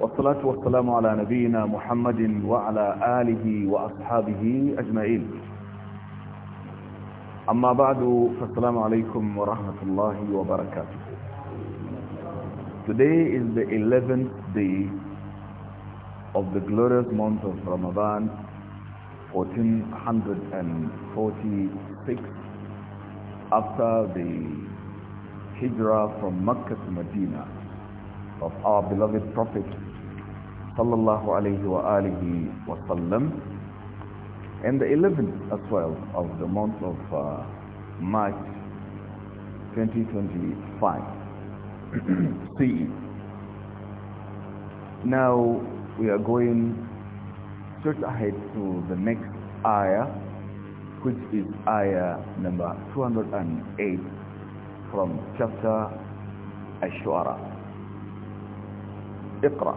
والصلاة والسلام على نبينا محمد وعلى آله وأصحابه أجمعين أما بعد فالسلام عليكم ورحمة الله وبركاته Today is the 11th day of the glorious month of Ramadan 1446 after the hijrah from Makkah to Medina of our beloved Prophet sallallahu alayhi wa alihi wa sallam and the 11th as well of the month of uh, March 2025 CE. Now we are going straight ahead to the next ayah which is ayah number 208 from chapter الشعراء اقرأ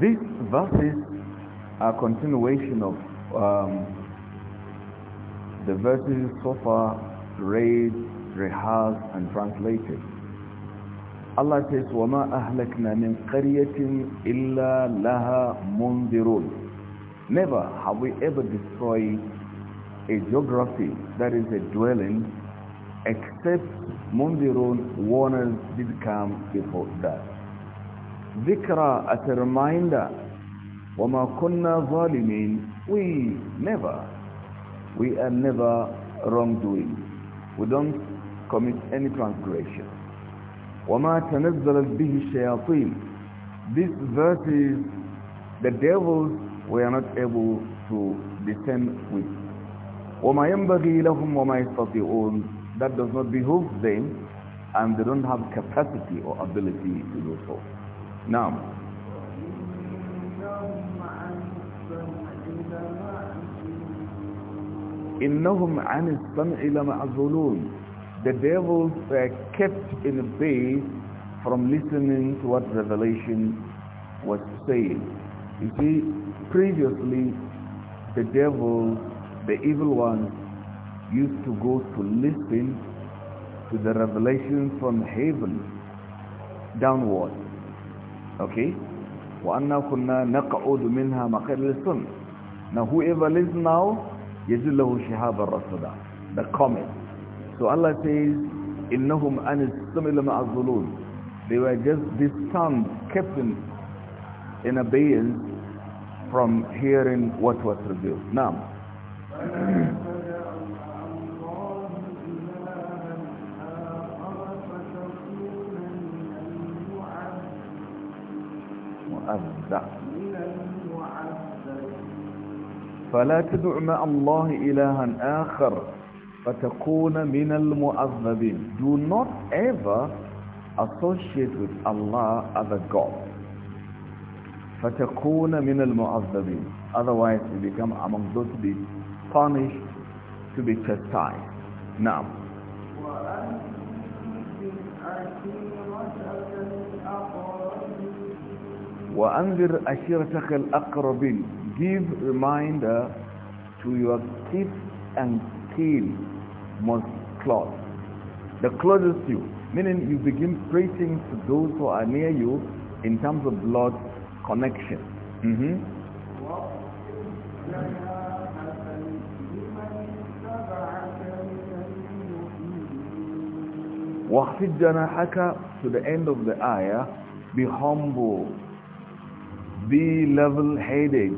These verses are continuation of um, the verses so far read, rehearsed and translated. Allah says, وَمَا أَهْلَكْنَا مِنْ قَرْيَةٍ إِلَّا لَهَا مُنْذِرُونَ Never have we ever destroyed a geography, that is a dwelling, except Mundirun warners did come before that. Dhikra as a reminder, وَمَا كُنَّا ظَالِمِينَ We never, we are never wrongdoing. We don't commit any transgression. وَمَا تَنَزَّلَتْ بِهِ الشَّيَاطِينَ These verses, the devils were not able to descend with وَمَا يَنْبَغِي لَهُمْ وَمَا يَسْتَطِعُونَ That does not behoove them and they don't have capacity or ability to do so. Now, إِنَّهُمْ عَنِ السَّمْعِ لَمَعْزُولُونَ The devils were kept in a bay from listening to what Revelation was saying. You see, previously the devils the evil ones used to go to listen to the revelation from heaven downward. Okay? وَأَنَّا كُنَّا نَقْعُدُ مِنْهَا مَقَدْ لِسُنْ Now whoever lives now, يَجِلْ لَهُ شِهَابَ الرَّسُدَى The comet. So Allah says, إِنَّهُمْ أَنِ السَّمِلَ مَعَ They were just disturbed, kept in, in abeyance from hearing what was revealed. Now, فلا تدع مع الله إلها آخر فتكون من المؤذبين do not ever associate with Allah other God فتكون من المؤذبين otherwise you become among those people punished, to be chastised. Now, وَأَنذِرْ أَشِرَتَكَ الْأَقْرَبِينَ Give reminder to your kith and kill most close. The closest you, meaning you begin preaching to those who are near you in terms of blood connection. Mm -hmm. jana جَنَاحَكَ To the end of the ayah, be humble, be level-headed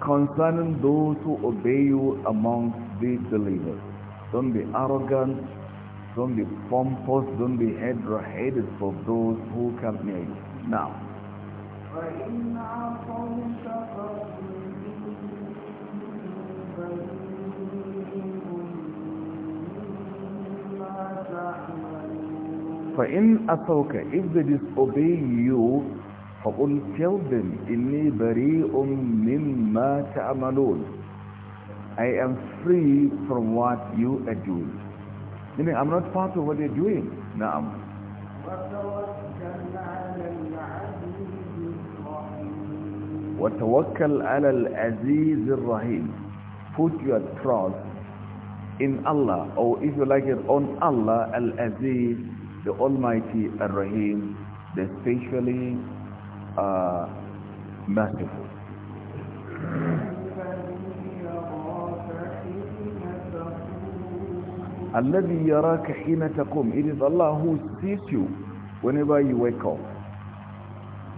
concerning those who obey you amongst the believers. Don't be arrogant, don't be pompous, don't be head-headed for those who come near you. Now, فإن أتوك if they disobey you فقل tell them إني بريء مما تعملون I am free from what you are doing meaning I'm not part of what you're doing نعم وتوكل على العزيز الرحيم put your trust in Allah, or if you like it, on Allah, Al-Aziz, the Almighty, Al-Rahim, the specially uh, merciful. الذي يراك حين تقوم it is Allah who sees you whenever you wake up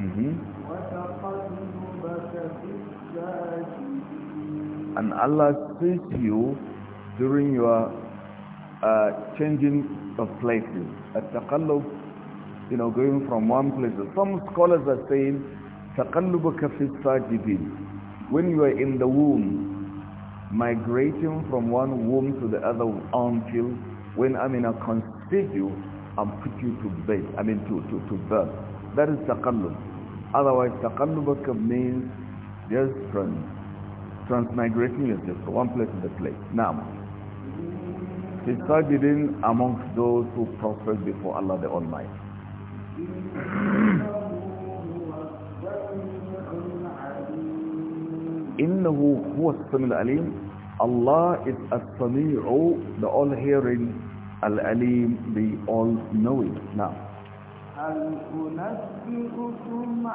mm -hmm. and Allah sees you during your uh, changing of places. At taqallub, you know, going from one place. Some scholars are saying, taqallubuka fi sajidin. When you are in the womb, migrating from one womb to the other until when I'm in a conceived I'm put you to bed, I mean to, to, to birth. That is taqallub. Otherwise, taqallubuka means just trans, transmigrating yourself from one place to the place. Now, is forbidden amongst those who prostrate before Allah the Almighty. إِنَّهُ هُوَ السَّمِيعُ الْعَلِيمُ Allah is As-Sami'u, the All-Hearing, al the All-Knowing. Now. هل أنبئكم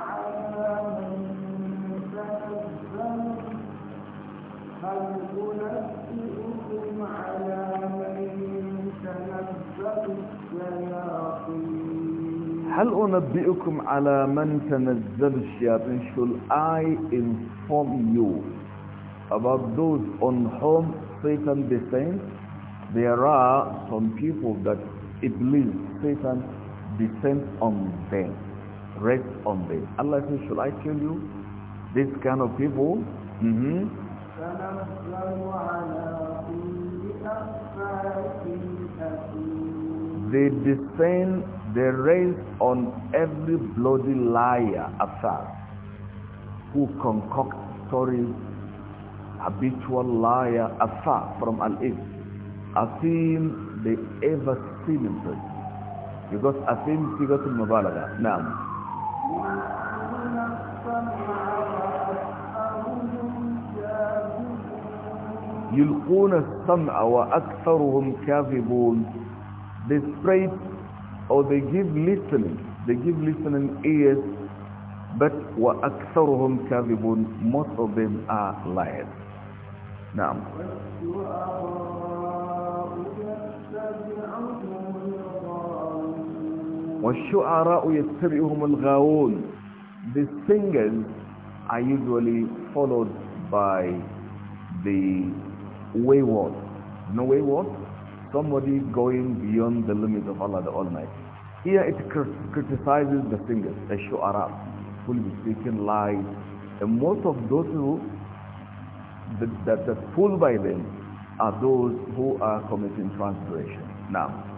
على من هل أنبئكم على من تنزل الشياطين Shall I inform you about those on whom Satan descends? There are some people that it believes Satan descends on them, rests on them. Allah says, shall I tell you this kind of people? Mm -hmm. They descend, they raise on every bloody liar afar who concocts stories, habitual liar afar from Al-East. Asim, the ever him, person. Because Asim, Sigatul Mubalaga. Now. yulquna sam'a wa aktharuhum kadhibun they spread or they give listening they give listening ears but wa aktharuhum kadhibun most of them are liars نعم والشعراء يتبعهم الغاوون the singers are usually followed by the wayward. No wayward? Somebody going beyond the limits of Allah the Almighty. Here it criticizes the singers, the shu'ara, who will be speaking lies. And most of those who that, that, that fooled by them are those who are committing transgression. Now.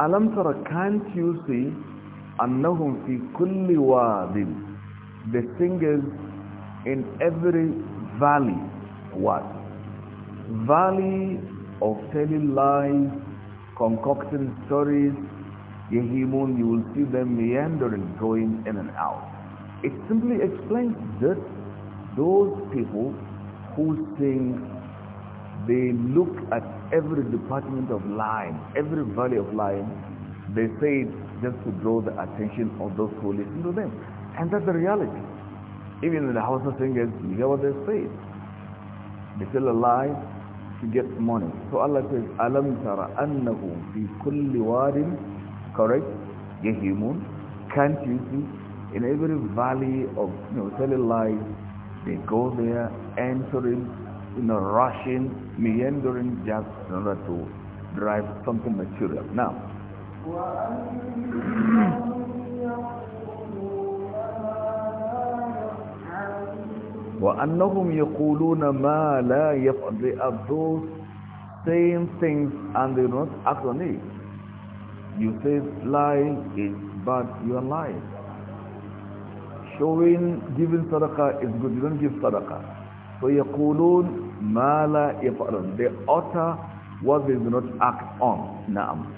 Alam tara, can't you see annahum fi kulli wadin the singers in every valley what valley of telling lies concocting stories Yehimun, you will see them meandering going in and out it simply explains that those people who sing they look at every department of lying every valley of lying they say just to draw the attention of those who listen to them. And that's the reality. Even in the house of singers, you hear what they say. They tell a lie to get money. So Allah says, أَلَمْ تَرَ أَنَّهُ فِي كُلِّ وَادٍ Correct? يَهِمُونَ Can't you see? In every valley of, you know, telling lies, they go there, entering, you know, rushing, meandering just in order to drive something material. Now, وأنهم يقولون ما لا يفعل They are those saying things and they do not act on it. You say lying is bad, you are lying. Showing, giving sadaqa is good, you don't give sadaqa. So يقولون ما لا يفعلون They utter what they do not act on. Naam.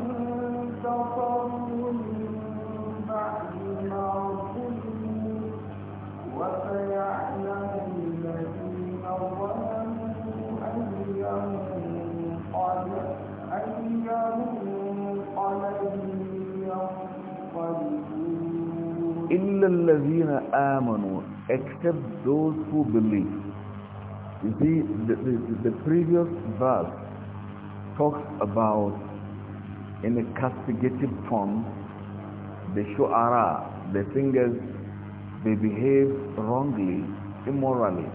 إِلَّا الَّذِينَ Except those who believe. You see, the, the, the previous verse talks about, in a castigative tone, the shu'ara, the singers, they behave wrongly, immorally.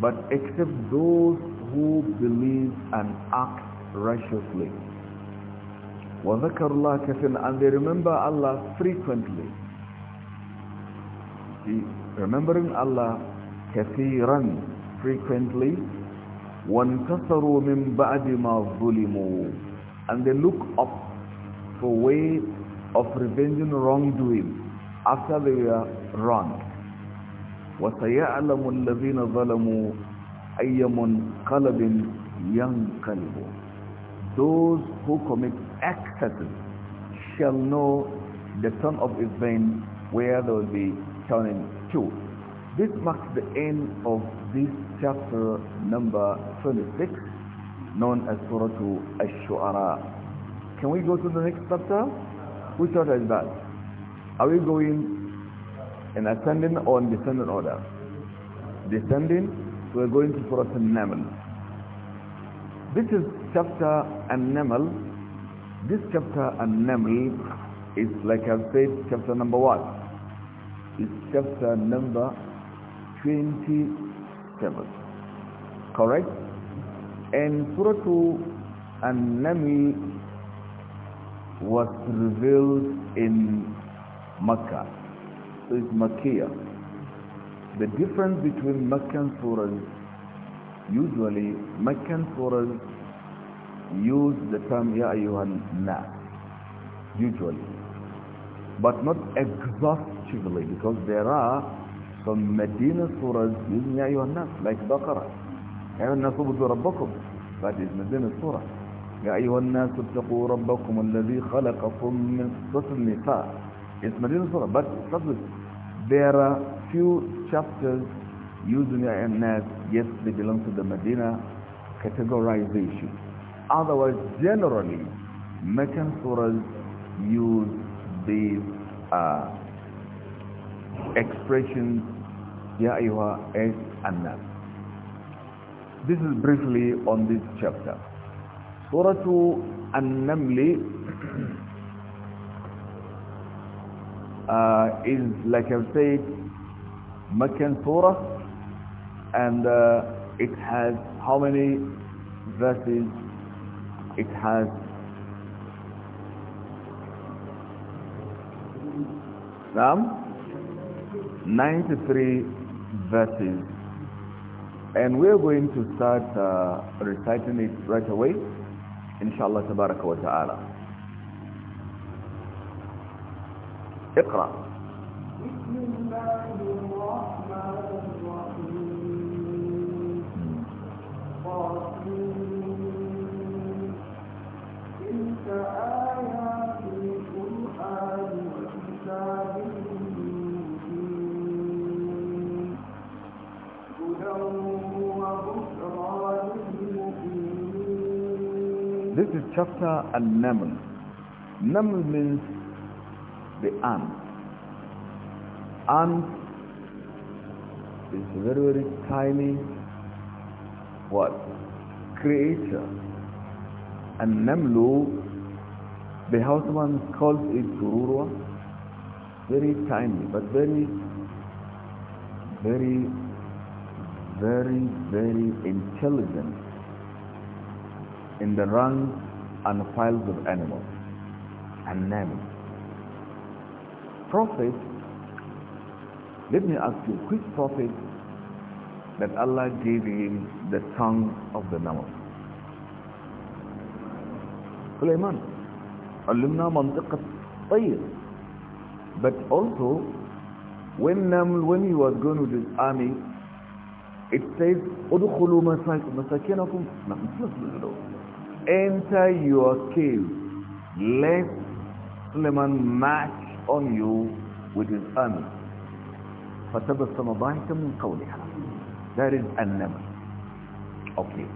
But except those who believe and act righteously. وَذَكَرُ اللَّهَ كَثِيرًا And they remember Allah frequently remembering Allah كثيرا frequently وانتصروا من بعد ما ظلموا and they look up for way of revenging wrongdoing after they were wronged وسيعلم الذين ظلموا أي قَلْبٍ يَنْقَلِبُ those who commit excesses shall know the son of his where there will be two. This marks the end of this chapter number 26, known as Surah Ash-Shu'ara. Can we go to the next chapter? Which chapter is that? Are we going in ascending or in descending order? Descending, we're going to Surah An-Naml. This is chapter An-Naml. This chapter An-Naml is, like I've said, chapter number one is chapter number 27 correct and surah an Nami was revealed in Makkah so it's Makkah the difference between Meccan surahs usually Meccan surahs use the term Ya Ayyuhan Na. usually but not exhaust actively because there are some Medina surahs using Ya Nas, like Baqarah. Ya Nas ubudu rabbakum. That is Medina surah. يا أيها الناس اتقوا ربكم الذي خلقكم من سورة النساء It's Medina surah, but there are few chapters using Ya Nas. Yes, they belong to the Medina categorization. Otherwise, generally, Meccan surahs use these uh, expressions Ya iwa Es Annas. This is briefly on this chapter. Surah An-Naml uh, is, like I've said, Meccan Surah and uh, it has how many verses? It has 93 verses and we're going to start uh, reciting it right away inshallah tabaraka wa ta'ala Iqra. chapter and naml Naml means the ant. Ant is a very, very tiny what? Creature. And Namlu, the houseman calls it Gururwa. Very tiny, but very, very, very, very intelligent in the rank and files of animals and names. Prophet, let me ask you, which prophet that Allah gave him the tongue of the namas? Sulaiman. علمنا منطقة but also when Naml when he was going with his army it says enter your cave, let Suleiman march on you with his army. فتبسم ضاحكا من قولها. That is an-naml. Okay.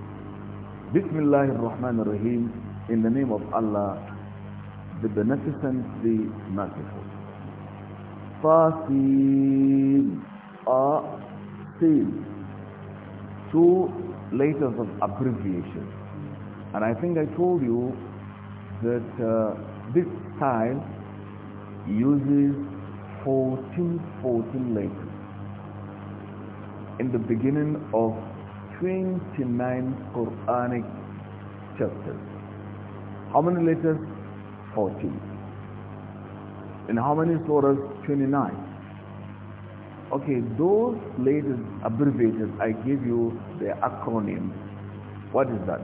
Bismillah ar-Rahman ar-Rahim. In the name of Allah, the Beneficent, the Merciful. Fasim, a, sin. Two letters of abbreviation. And I think I told you that uh, this style uses 14, 14 letters in the beginning of 29 Quranic chapters. How many letters? 14. And how many surahs? 29. Okay, those letters abbreviated, I give you the acronym. What is that?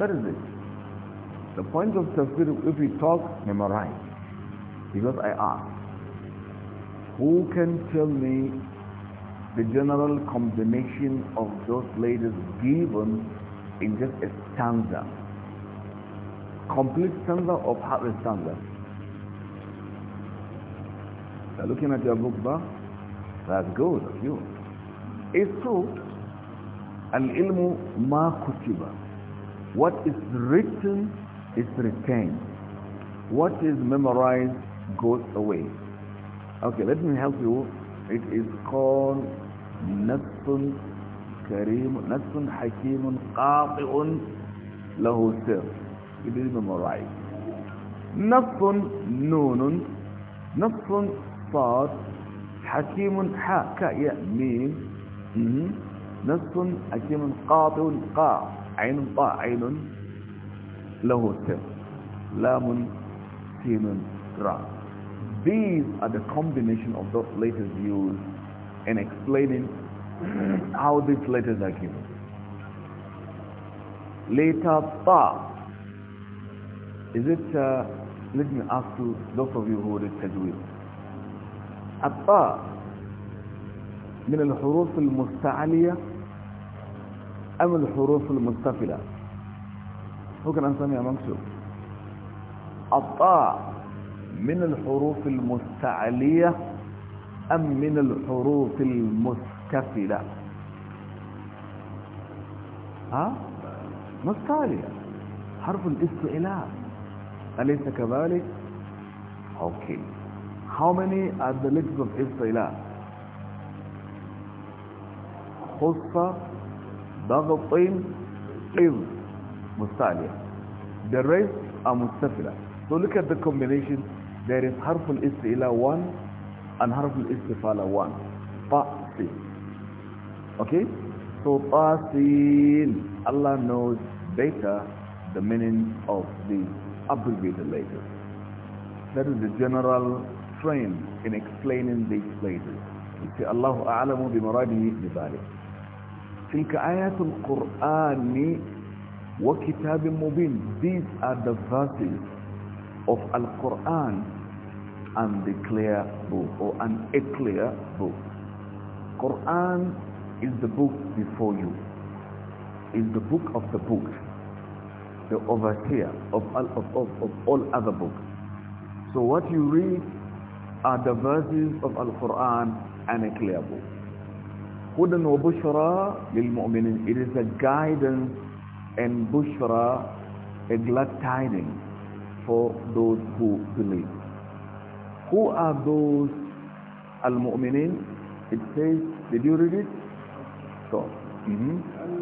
That is it. The point of tafsir, if we talk, memorize. Because I ask, who can tell me the general combination of those letters given in just a stanza? Complete stanza or part of stanza? You're looking at your book, bah? That's good of you. It's true. Al-ilmu ma kutiba. What is written is retained. What is memorized goes away. Okay, let me help you. It is called نفس Karim, نفس حكيم قاطع له سر. It is memorized. نفس نون نفس صاد حكيم حاء كاء ميم نفس حكيم قاطع قاف عين طاء له سر لام سين را these are the combination of those letters used in explaining how these letters are given later ta is it uh, let me ask you those of you who read tajweed الطاء من الحروف المستعليه أم الحروف المستفلة هو كان answer me الطاء من الحروف المستعلية أم من الحروف المستفلة ها؟ مستعلية حرف الاستعلاء أليس كذلك؟ أوكي How many are the letters of استعلاء؟ خصة ضغط إذ مستعلية the rest are mustafila so look at the combination there is harful istila 1 and harful istifala 1 tasi okay so tasin Allah knows better the meaning of the abbreviated letters that is the general trend in explaining these letters you a'lamu bi maradihi bi these are the verses of Al-Quran and the clear book or an a clear book Quran is the book before you is the book of the books the overseer of all, of, of, of all other books so what you read are the verses of Al-Quran and a clear book hudan wa bushra lil mu'minin. It is a guidance and bushra, a glad tidings for those who believe. Who are those al-mu'minin? It says, did you read it? So, mm -hmm.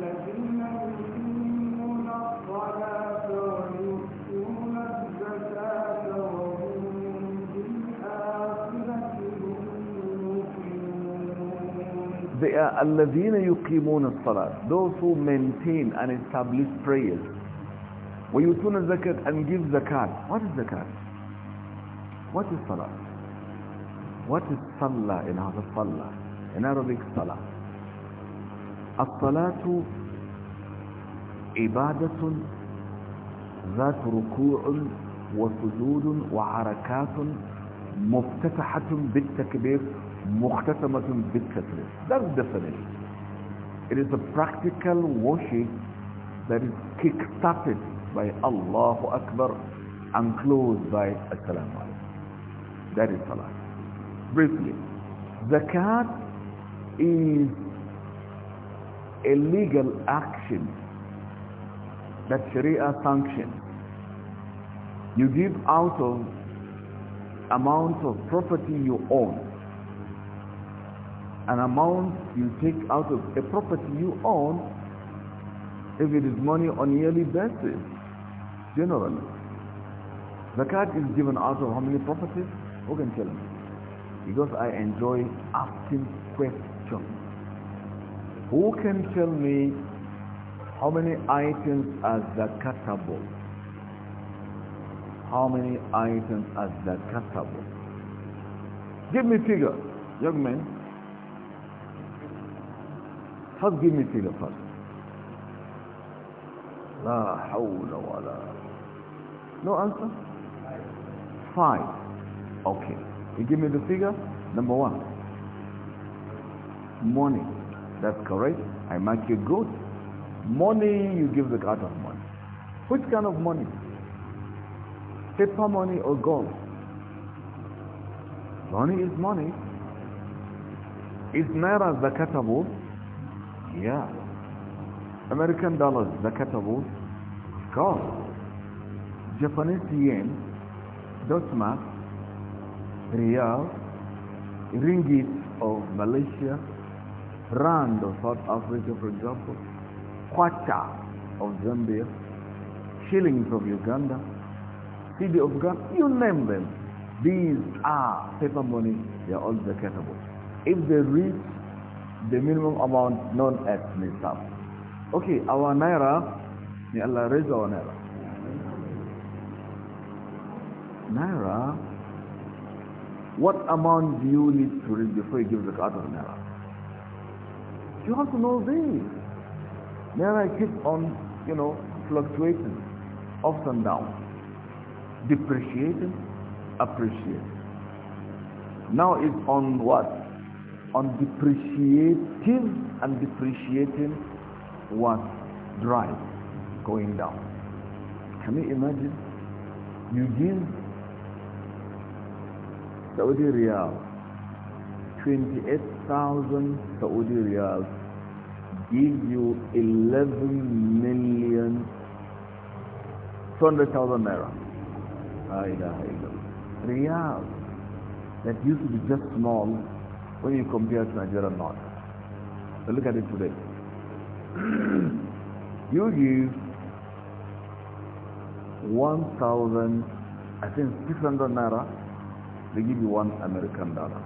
They are الَّذِينَ as-salat Those who maintain and establish prayers. wa yutuna zakat and give zakat. What is zakat? What is salat What is salah in Arabic? Salah. In Arabic, as الصلاة عبادة ذات ركوع وسجود وحركات مفتتحة بالتكبير Muqtasamatun Bikatris. That's the definition. It is a practical washing that is kick-started by Allahu Akbar and closed by Assalamu Alaikum. That is Salah. Briefly, Zakat is a legal action that Sharia sanctions. You give out of amount of property you own an amount you take out of a property you own if it is money on yearly basis generally zakat is given out of how many properties who can tell me because i enjoy asking questions who can tell me how many items are zakatable how many items are zakatable give me figure young man First give me pillow first. La hawla wa No answer? Five. Okay. You give me the figure? Number one. Money. That's correct. I make you good. Money, you give the cut of money. Which kind of money? Paper money or gold? Money is money. Is naira zakatable? Yeah. American dollars, zakatables, of course. Japanese yen, dosma, real, ringgit of Malaysia, rand of South Africa, for example, kwacha of Zambia, shillings of Uganda, city of Ghana, you name them. These are paper money, they are all zakatable. If they reach the minimum amount known as nisab. Okay, our naira, may Allah raise our naira. Naira, what amount do you need to raise before you give the card of naira? You have to know this. Naira keeps on, you know, fluctuating, ups and down, depreciating, appreciating. Now it's on what? on depreciative and depreciating what drive going down. Can you imagine? You give Saudi Riyal 28,000 Saudi Riyal give you 11 million 200,000 Naira. Riyal that used to be just small when you compare to Nigeria North. So look at it today. you give 1,000, I think 600 naira, they give you one American dollar.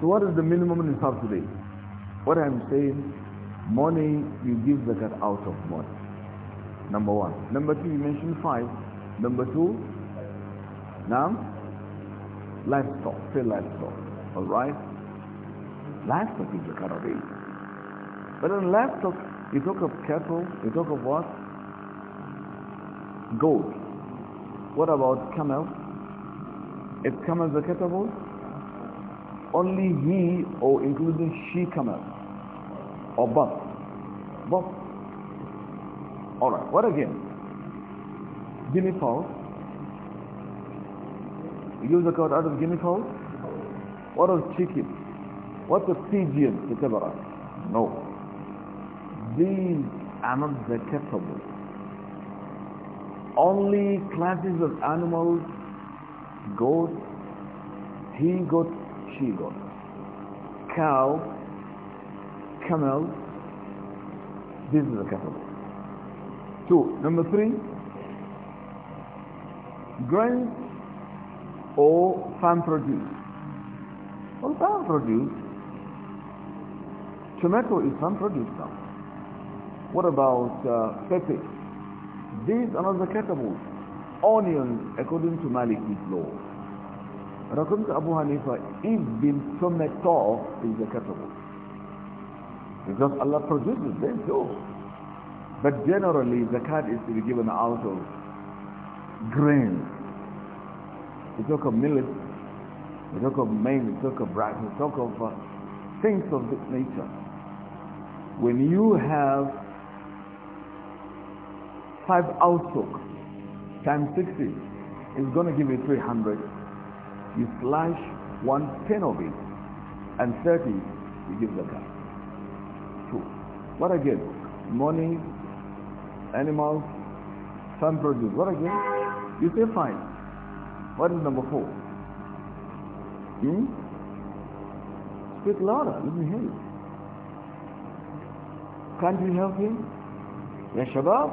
So what is the minimum in South today? What I'm saying, money, you give the cut out of money. Number one. Number two, you mentioned five. Number two, now, livestock, say livestock all right? Last of is the Karabin. But in left of, you talk of cattle, you talk of what? Gold. What about camel? Is camel cattle? Only he or including she camel? Or both? Both. Alright, what again? Guinea fowl. You use the code out of guinea fowl? what are chicken, what a pigeon, etc. No. These are not vegetable. Only classes of animals, goat, he goat, she goat, cow, camel, this is a cattle. Two. Number three, grains or farm produce. Well, palm produce. Tomato is palm produce now. What about uh, These are not zakatables. Onions, according to Maliki's law. And according to Abu Hanifa, even tomato is zakatable. Because Allah produces them too. But generally, zakat is to be given out of grain. You talk of millet, we talk of men, we talk of bread, we talk of uh, things of this nature. When you have five outlook times 60, it's going to give you 300. You slash one ten of it, and 30 you give the guy. Two. What again? Money, animals, farm produce. What again? You say fine. What is number four? Hmm? Speak louder. Let me hear you. Can't you help him? Yes, Shabbat.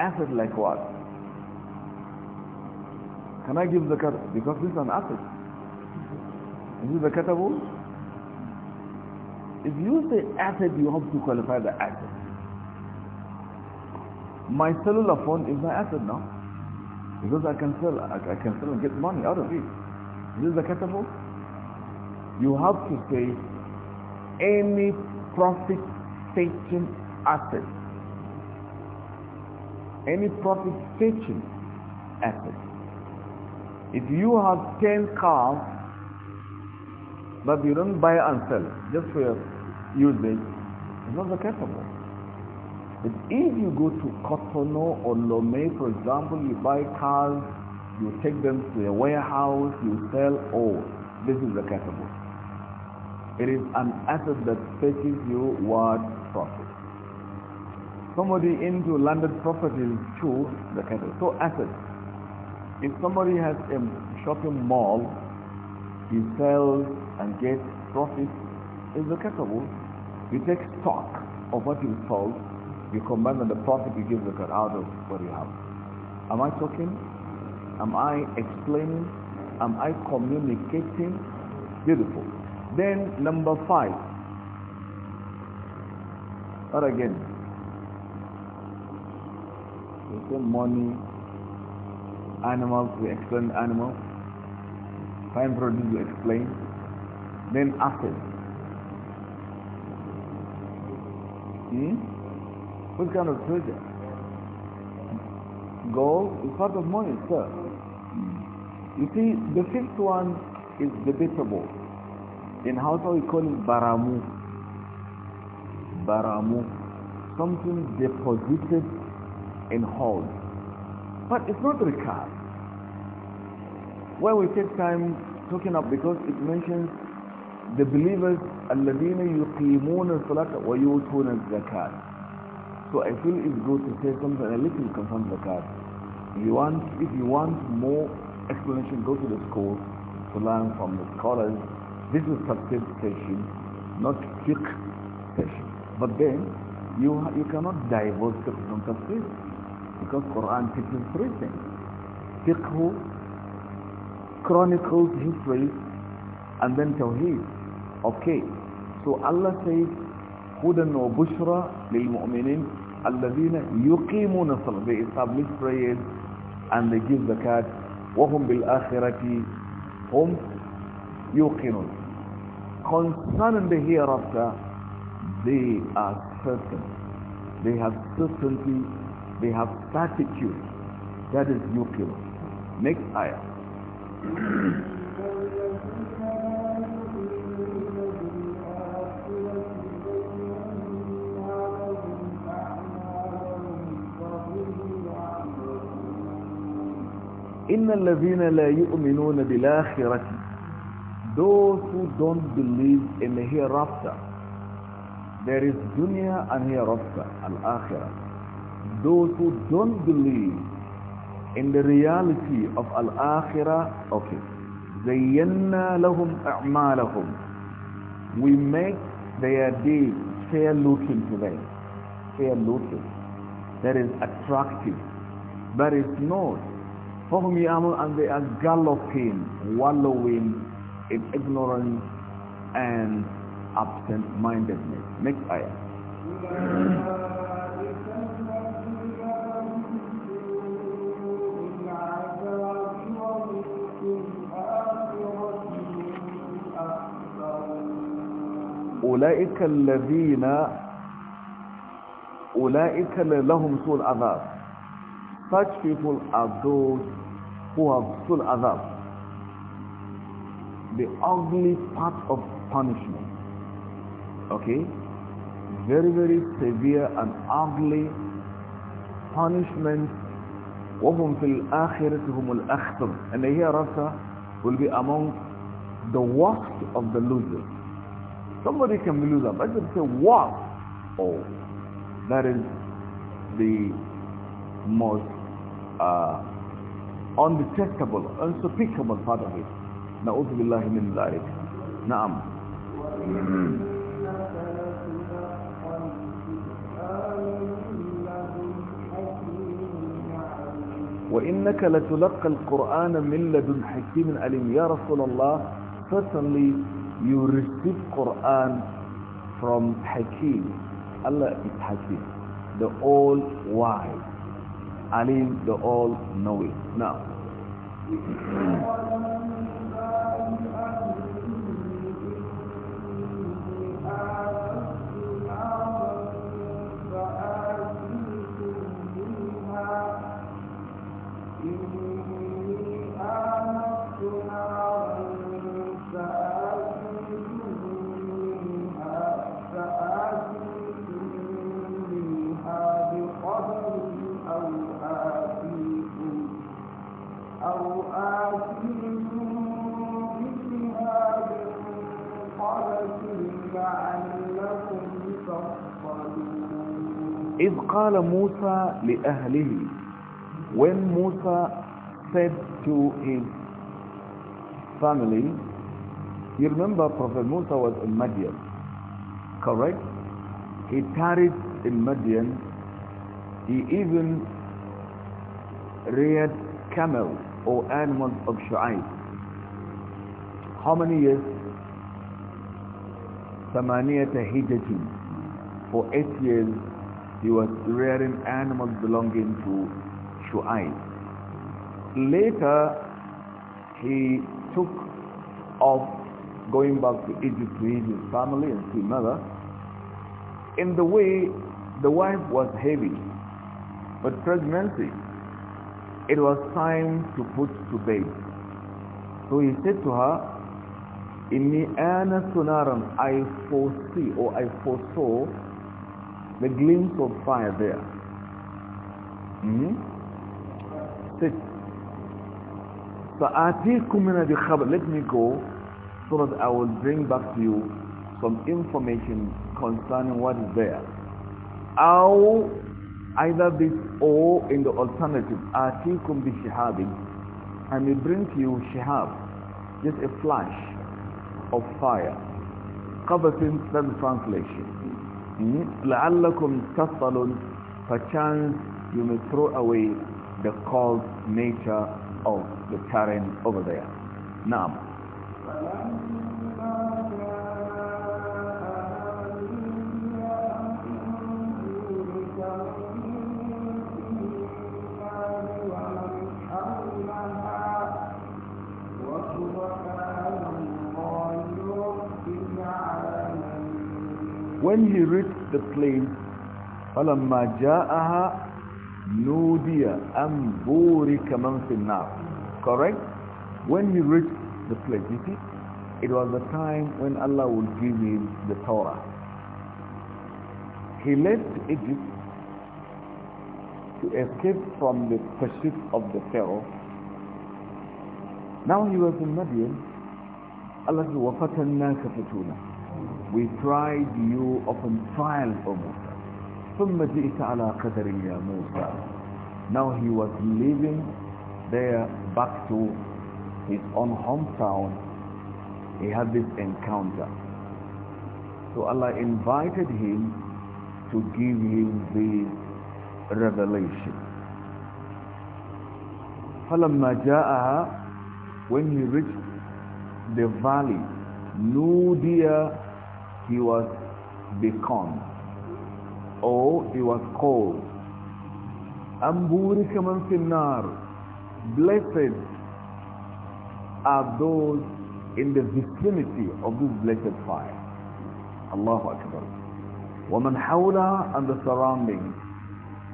Asset like what? Can I give the cut? Because this is an asset. Is this the catable? If you say asset, you have to qualify the asset. My cellular phone is my asset now. Because I can sell, I, can sell and get money out of it. Is this a catapult? You have to say any profit-taking asset. Any profit-taking asset. If you have 10 cars, but you don't buy and sell just for your usage, it's not the catapult if you go to Cotonou or Lomé, for example, you buy cars, you take them to a warehouse, you sell all. Oh, this is a capital. It is an asset that fetches you what profit. Somebody into landed property is too the capital. So assets. If somebody has a shopping mall, he sells and gets profit, is a capital. You take stock of what you sold you command on the Prophet, you give cut out of what you have. Am I talking? Am I explaining? Am I communicating? Beautiful. Then number five. Or again. We say money, animals, we explain animals. Fine produce, we explain. Then assets. Hmm? What kind of treasure? Gold is part of money sir. You see, the fifth one is debatable. In Hausa we call it baramu. Baramu. Something deposited in hold. But it's not recast. Why well, we take time talking up because it mentions the believers الذين يقيمون الصلاة ويؤتون الزكاة so I feel it's good to say something a little concerning zakat. You want, if you want more explanation, go to the school to learn from the scholars. This is tafsir not fiqh session. But then, you, you cannot divorce fiqh from tafsir because Quran teaches three things. Fiqh chronicles history and then Tawheed. Okay, so Allah says, bushra lil لِلْمُؤْمِنِينَ الَّذِينَ يُقِيمُونَ الصَّلَاةَ They establish prayers and they give zakat. وَهُمْ بِالْآخِرَةِ هُمْ يُقِنُونَ Concerning the hereafter, they are certain. They have certainty, they have certitude. That nuclear Next ayah. إن الذين لا يؤمنون بالآخرة those who don't believe in the hereafter there is dunya and hereafter al-akhirah those who don't believe in the reality of al-akhirah okay zayyanna lahum a'malahum we make their deeds fair looking to them fair looking that is attractive but it's not فهم يأمون أن they are galloping wallowing in ignorance and absent-mindedness next ayah أولئك الذين أولئك لهم سوء العذاب Such people are those who have full others. the ugly part of punishment. Okay? Very, very severe and ugly punishment. وَهُمْ فِي الْآخِرَةِ هُمُ الْأَخْطَرِ And the hereafter will be among the worst of the losers. Somebody can be loser, but they say, what? Oh, that is the most uh, undetectable, unspeakable part of it. نعوذ بالله من ذلك نعم وإنك لتلقى القرآن من لدن حكيم عليم يا رسول الله certainly you receive Quran from Hakim Allah is Hakim the all wise Alim, the all-knowing. Now. إذ قال موسى لأهله when Musa said to his family you remember Prophet Musa was in Madian correct he tarried in Madian he even reared camels or animals of Shu'aib how many years Samaniyata Hijati. For eight years, he was rearing animals belonging to Shu'aib. Later, he took off going back to Egypt to his family and his mother. In the way, the wife was heavy, but pregnancy, it was time to put to bed. So he said to her, inni anastu sunaran, i foresee or i foresaw the glimpse of fire there mm? six فآتيكم من بخبر let me go so that I will bring back to you some information concerning what is there أو either this or in the alternative آتيكم بشهاب I may bring to you shihab just a flash of fire. Qabatin, that's translation. Hmm? لَعَلَّكُمْ تَصَلُونَ Perchance you may throw away the cold nature of the terrain over there. Now. when he reached the plain فَلَمَّا جَاءَهَا نُودِيَ أَمْ بُورِكَ مَنْ فِي Correct? When he reached the place, you see, it was the time when Allah would give him the Torah. He left Egypt to escape from the pursuit of the Pharaoh. Now he was in Madian. Allah said, وَفَتَنَّاكَ kafatuna we tried you upon trial, O Musa. ثم جئت على قدر يا موسى. Now he was leaving there back to his own hometown. He had this encounter. So Allah invited him to give him the revelation. فَلَمَّا جَاءَهَا When he reached the valley, نُودِيَ he was become, or he was called أنبورك من blessed are those in the vicinity of this blessed fire Allahu Akbar ومن حولها and the surroundings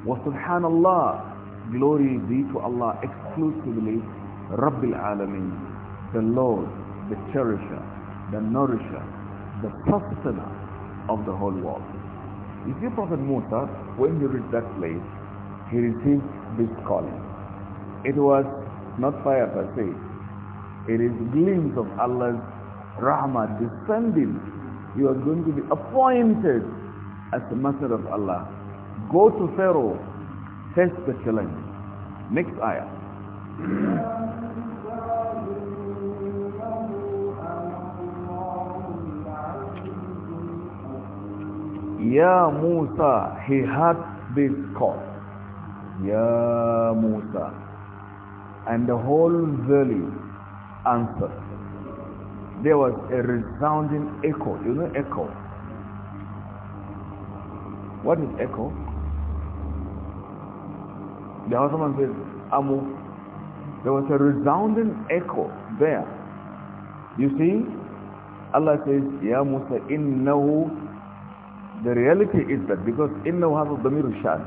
وسبحان glory be to Allah exclusively رب Alameen the Lord the cherisher the nourisher the sustainer of the whole world. You see Prophet Musa, when he reached that place, he received this calling. It was not fire per se. It is glimpse of Allah's Rahmah descending. You are going to be appointed as the master of Allah. Go to Pharaoh, Test the challenge. Next ayah. Ya Musa, he had this call. Ya Musa. And the whole valley answered. There was a resounding echo. You know echo? What is echo? The man says, Amu. There was a resounding echo there. You see? Allah says, Ya Musa, innahu the reality is that because إِنَّهُ هَذَا الضَّمِيرُ الشَّانِ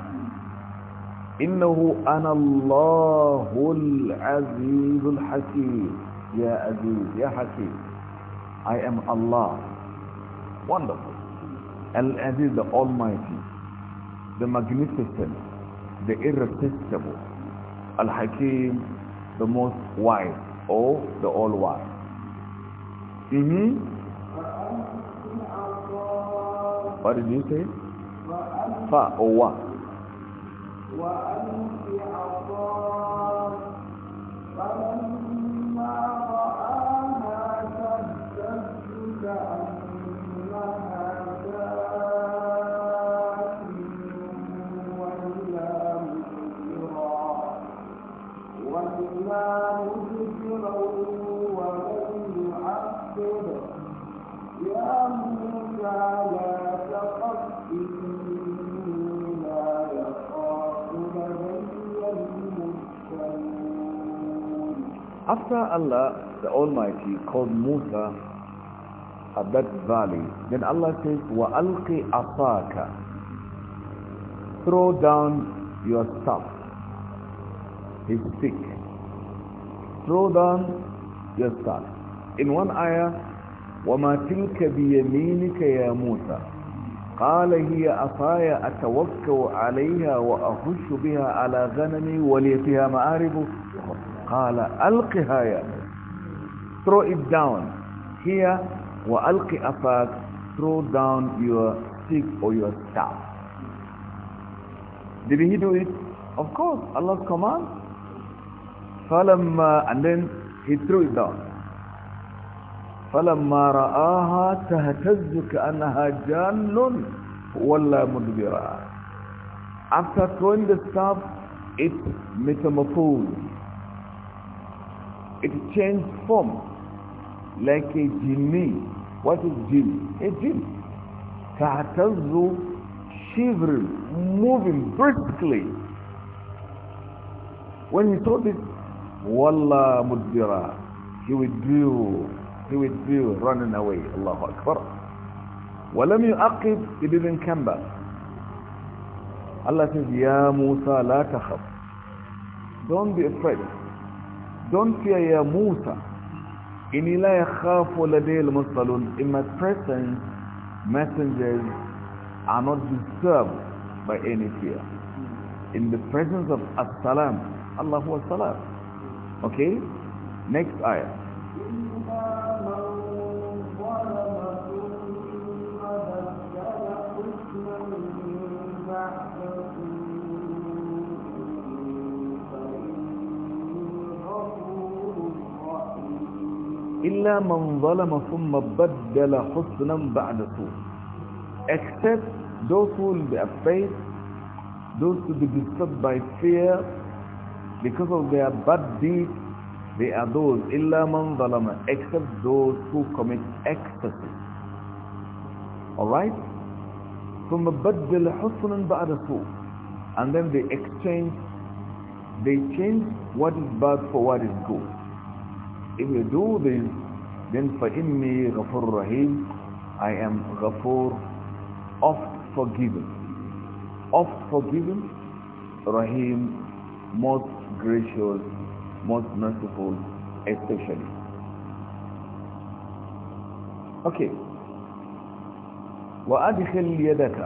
إِنَّهُ Ana Allahul الْعَزِيزُ الْحَكِيمُ Ya Aziz, Ya Hakim. I am Allah. Wonderful. Al-Aziz, the Almighty, the Magnificent, the Irresistible. Al-Hakim, the Most Wise, Oh the All-Wise. Mm -hmm. What did you say? Fa or wa? فلما رآها تبتدت كأنها After Allah, the Almighty, called Musa at that valley, then Allah says, وَأَلْقِ أَصَاكَ Throw down your staff, his stick. Throw down your staff. In one ayah, وَمَا تِلْكَ بِيَمِينِكَ يَا مُوسَى قال هي عصاي اتوكا عليها واهش بها على غنمي ولي فيها مآرب قال ألقها يا throw it down here وألقي أفاك throw down your stick or your staff did he do it? of course Allah's command فلما and then he threw it down فلما رآها تهتز كأنها جان ولا مدبرا after throwing the staff it metamorphosed it changed form like a genie. What is genie? A genie. Ta'atazzu shivering, moving briskly. When he saw this, Wallah mudbira, he withdrew, he withdrew, running away. Allahu Akbar. ولم يعقب, he didn't come back. Allah says, Ya Musa, la takhaf. Don't be afraid. Don't fear Ya Musa. In ila yakhafu ladayil mursalun. In my presence, messengers are not disturbed by any fear. In the presence of As-Salam, Allahu As-Salam. Okay? Next ayah. إِلَّا مَنْ ظَلَمَ ثُمَّ بَدَّلَ حُسْنًا بَعْدَ سُوءٍ Except those who will be afraid, those who will be disturbed by fear, because of their bad deeds, they are those, إِلَّا مَنْ ظَلَمَ Except those who commit ecstasy. Alright? ثُمَّ بَدَّلَ حُسْنًا بَعْدَ سُوءٍ And then they exchange, they change what is bad for what is good. If you do this, then فَإِنِّي غَفُرْ rahim. I am غَفُور, oft forgiven. Oft forgiven, Rahim, most gracious, most merciful, especially. Okay. وَأَدْخِلْ يَدَكَ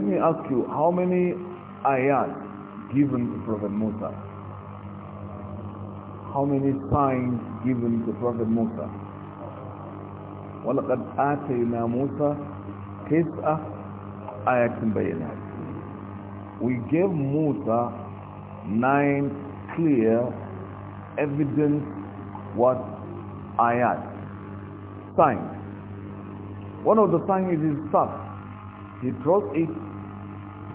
Let me ask you, how many ayat given to Prophet Musa? How many signs given to Prophet Musa? وَلَقَدْ آتَيْنَا مُوسَى تِسْعَ آيَاتٍ بَيِّنَاتٍ We gave Musa nine clear evidence what ayat signs. One of the signs is his staff. He throws it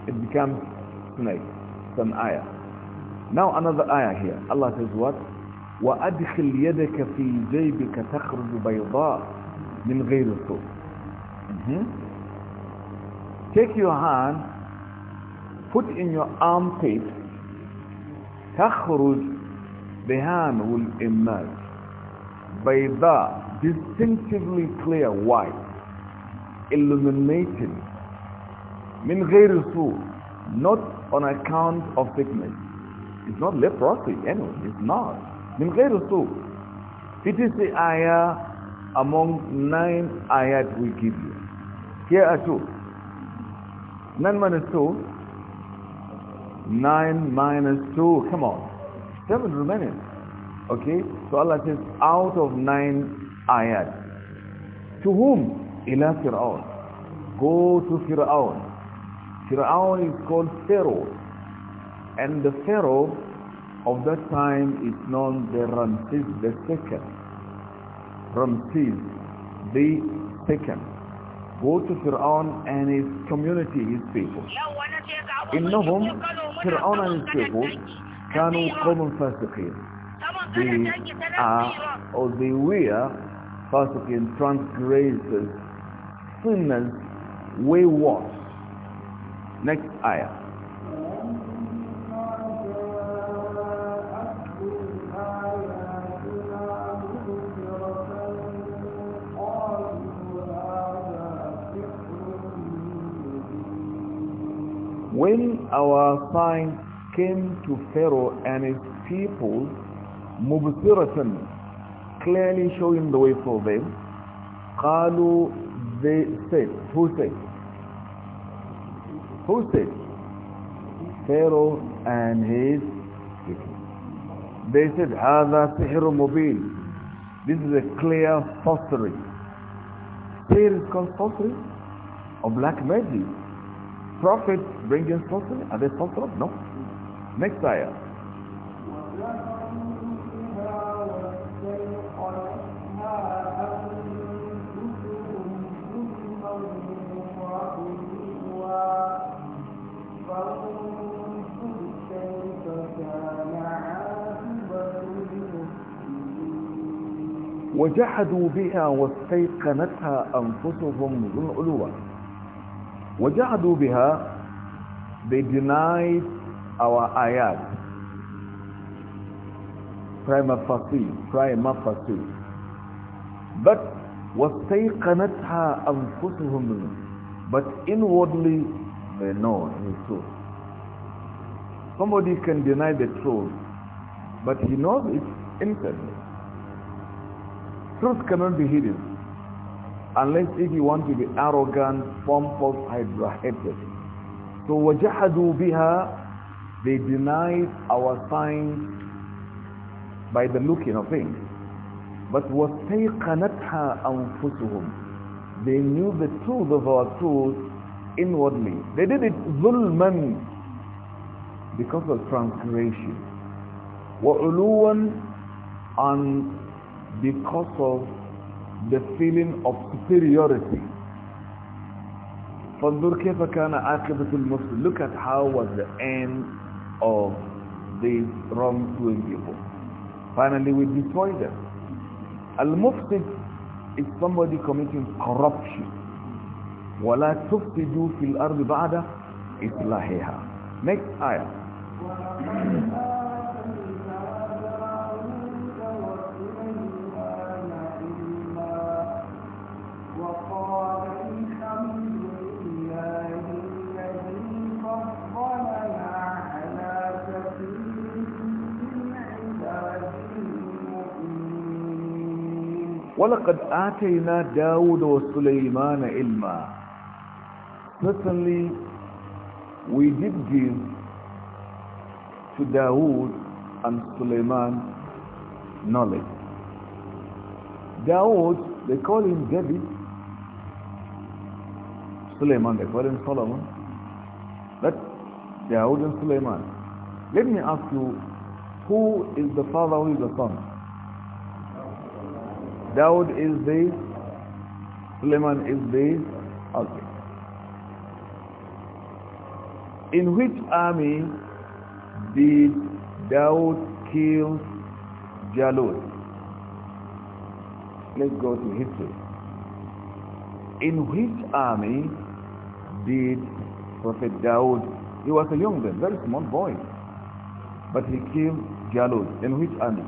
it becomes snake. It's an ayah. Now another ayah here. Allah says what? وَأَدْخِلْ يَدَكَ فِي جَيْبِكَ تَخْرُجُ بَيْضَاءَ مِنْ غَيْرِ mm-hmm. Take your hand, put in your armpit, تَخْرُجُ The hand will emerge. بَيْضَاء Distinctively clear, white, illuminating min ghairi su, not on account of sickness. It's not leprosy, anyway, it's not. Min ghairi su. It is the ayah among nine ayat we give you. Here are two. Nine minus two. Nine minus two. Come on. Seven remaining. Okay? So Allah says, out of nine ayat. To whom? Ila Fir'aun. Go to Fir'aun. Fir'aun is called Pharaoh. And the Pharaoh of that time is known the Ramses the second. Ramses the second. Go to Fir'aun and his community, his people. إنهم فرعون and his people كانوا قوم فاسقين. They are or they were فاسقين transgressors, sinners, wayward next ayah When our sign came to Pharaoh and his people, Mubsiratan, clearly showing the way for them, Qalu, they said, who said? Who said? Pharaoh and his people. They said, هذا سحر مبين. This is a clear sorcery. Fear is called sorcery or black magic. Prophets bring in sorcery. Are they sorcerers? No. Next ayah. وجحدوا بها واستيقنتها أنفسهم ظلم علوا وجحدوا بها they denied our ayat prima facie prima facie but واستيقنتها أنفسهم but inwardly they know the truth somebody can deny the truth but he knows it internally Truth cannot be hidden unless if you want to be arrogant, pompous, hydra-headed. So وَجَحَدُوا biha, They denied our signs by the looking of things. But وَاسْتَيْقَنَتْهَا أَنفُسُهُمْ They knew the truth of our truth inwardly. They did it zulman because of transgression. وَعُلُوًا and because of the feeling of superiority. فانظر كيف كان عاقبة look at how was the end of these wrongdoing people finally we destroy them المفسد is somebody committing corruption ولا تفسدوا في الأرض بعد إصلاحها next ayah وَلَقَدْ آتَيْنَا دَاوُدَ وَسُلَيْمَانَ Certainly, we did give to Dawood and Suleiman knowledge. Dawood, they call him David. Suleiman, they call him Solomon. But Dawood and Suleiman. Let me ask you, who is the father, who is the son? Dawood is the, Suleiman is the, okay. In which army did Dawood kill Jalud? Let's go to history. In which army did Prophet Dawood, he was a young man, very small boy, but he killed Jalud. In which army?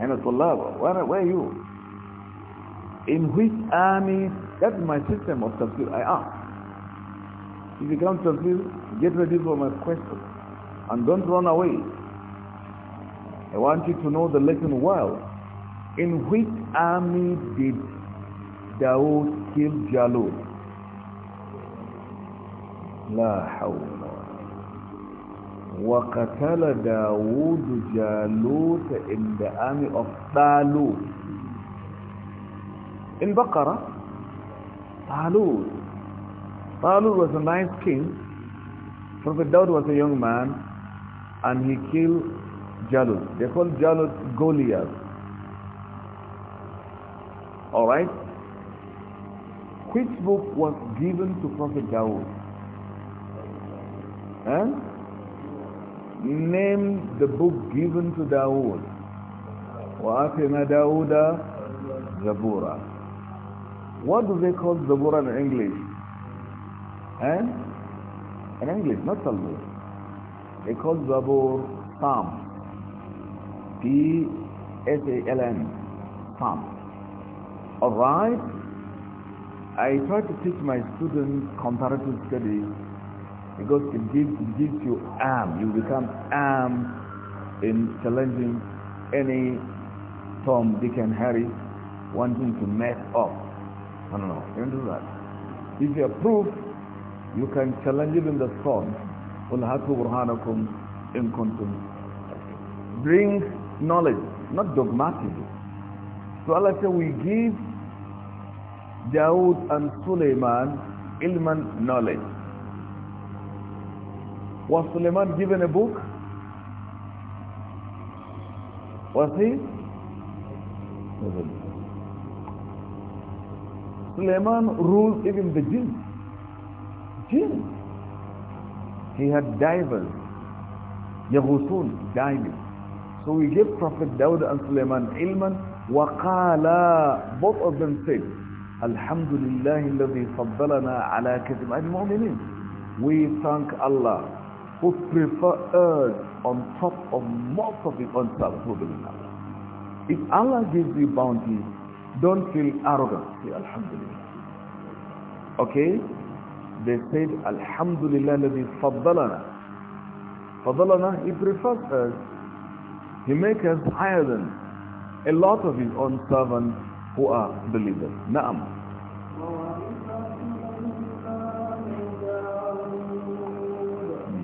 أين الطلاب where, where are you in which army that's my system of tafsir I ask if you come to tafsir get ready for my question and don't run away I want you to know the lesson well in which army did Dawood kill Jalud لا حول wa katala dawudu jaluta in the army of talut in baqarah talut talut was a nice king prophet daud was a young man and he killed jalut they call jalut goliath all right which book was given to prophet daud and eh? named the book given to Dawood. وَآتِنَا دَاوُدَ Zabura. What do they call Zabura in English? And eh? In English, not Talmud. They call Zabur Psalm. P-S-A-L-M. Psalm. Alright? I try to teach my students comparative studies because it gives, it gives you arm. You become armed in challenging any Tom, Dick and Harry wanting to mess up. No, no, no. Don't do that. If you approve, you can challenge even the storm. Bring knowledge, not dogmatic. So Allah said, we give Dawood and Suleiman ilman knowledge. Was Suleiman given a book? Was he? Suleiman ruled even the jinn. Jinn. He had divers. Yaghutun, diving. So we give Prophet Dawud and Suleiman ilman. وَقَالَا Both of them said, الحمد لله الذي فضلنا على كثير من المؤمنين. We thank Allah who prefer earth on top of most of the unself who believe in Allah. If Allah gives you bounty, don't feel arrogant. Say Alhamdulillah. Okay? They said Alhamdulillah الذي فضلنا. Fadalana, he prefers us. He makes us higher than a lot of his own servants who are believers. Na'am.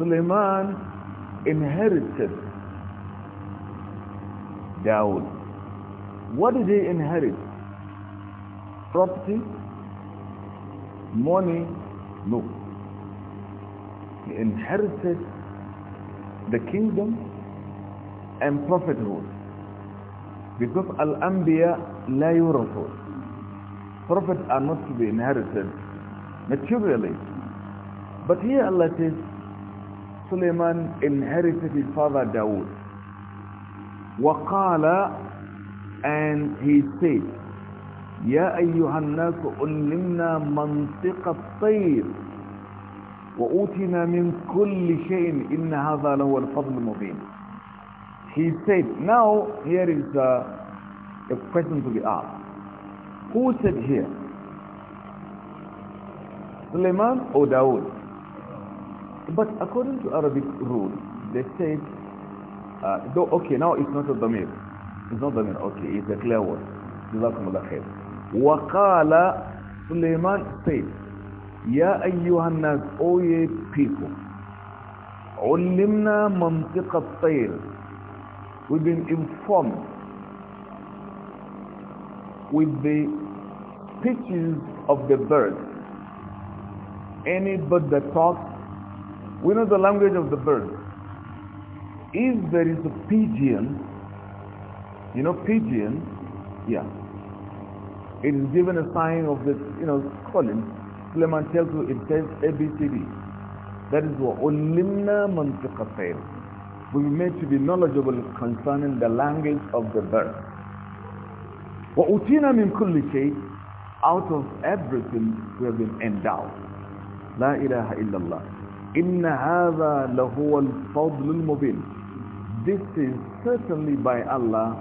Suleiman inherited Dawood. What did he inherit? Property? Money? No. He inherited the kingdom and prophethood. Because Al-Anbiya la yurathun. Prophets are not to be inherited materially. But here Allah says, Suleiman inherited his father Dawood. وَقَالَ And he said, يَا أَيُّهَا النَّاسُ أُلِّمْنَا wa utina min مِنْ كُلِّ شَيْءٍ إِنَّ هَذَا لَهُوَ الْفَضْلُ الْمُبِينُ He said, now here is a, a question to be asked. Who said here? Suleiman or Dawood? But according to Arabic rule, they said, uh, though, okay, now it's not a damir. It's not damir, okay, it's a clear word. جزاكم الله خير. وقال سليمان said, يا أيها الناس, O ye people, علمنا منطق الطير. We've been informed with the speeches of the birds. Any bird that talks we know the language of the bird. If there is a pigeon, you know pigeon, yeah, it is given a sign of the, you know, calling. Clement tells you it says ABCD. That is what Olimna Mantiqafayr. We were made to be knowledgeable concerning the language of the bird. وَأُتِينَا مِنْ كُلِّ شَيْءٍ Out of everything we have been endowed. La ilaha illallah. إِنَّ هَذَا لَهُوَ الْفَضْلُ الْمُبِينُ This is certainly by Allah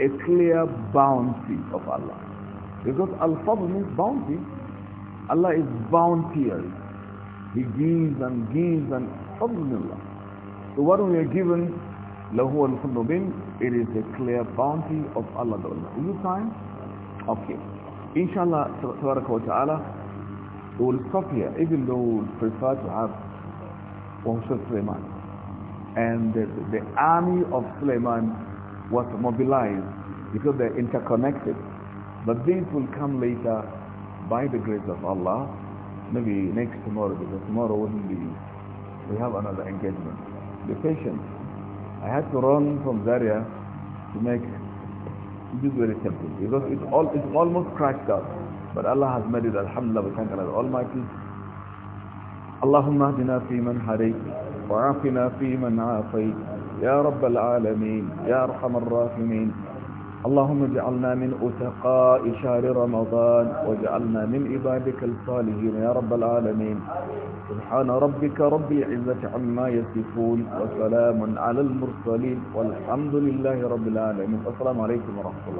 a clear bounty of Allah. Because Al-Fadl means bounty. Allah is bounteous. He gives and gives and Fadlullah. So what we are given, لَهُوَ الْفَضْلُ الْمُبِينُ It is a clear bounty of Allah. Do you time? Okay. Inshallah, Tabaraka wa Ta'ala, we will stop here, even though we prefer to have also Suleiman. And the, the army of Suleiman was mobilized because they're interconnected. But this will come later by the grace of Allah. Maybe next tomorrow because tomorrow wouldn't be. We have another engagement. Be patient. I had to run from Zaria to make It is very simple because it's all it's almost crashed out. But Allah has made it. Alhamdulillah, we thank Allah Almighty. اللهم اهدنا فيمن هديت وعافنا فيمن عافيت يا رب العالمين يا ارحم الراحمين اللهم اجعلنا من أتقاء شهر رمضان واجعلنا من عبادك الصالحين يا رب العالمين سبحان ربك رب العزة عما يصفون وسلام على المرسلين والحمد لله رب العالمين السلام عليكم ورحمة الله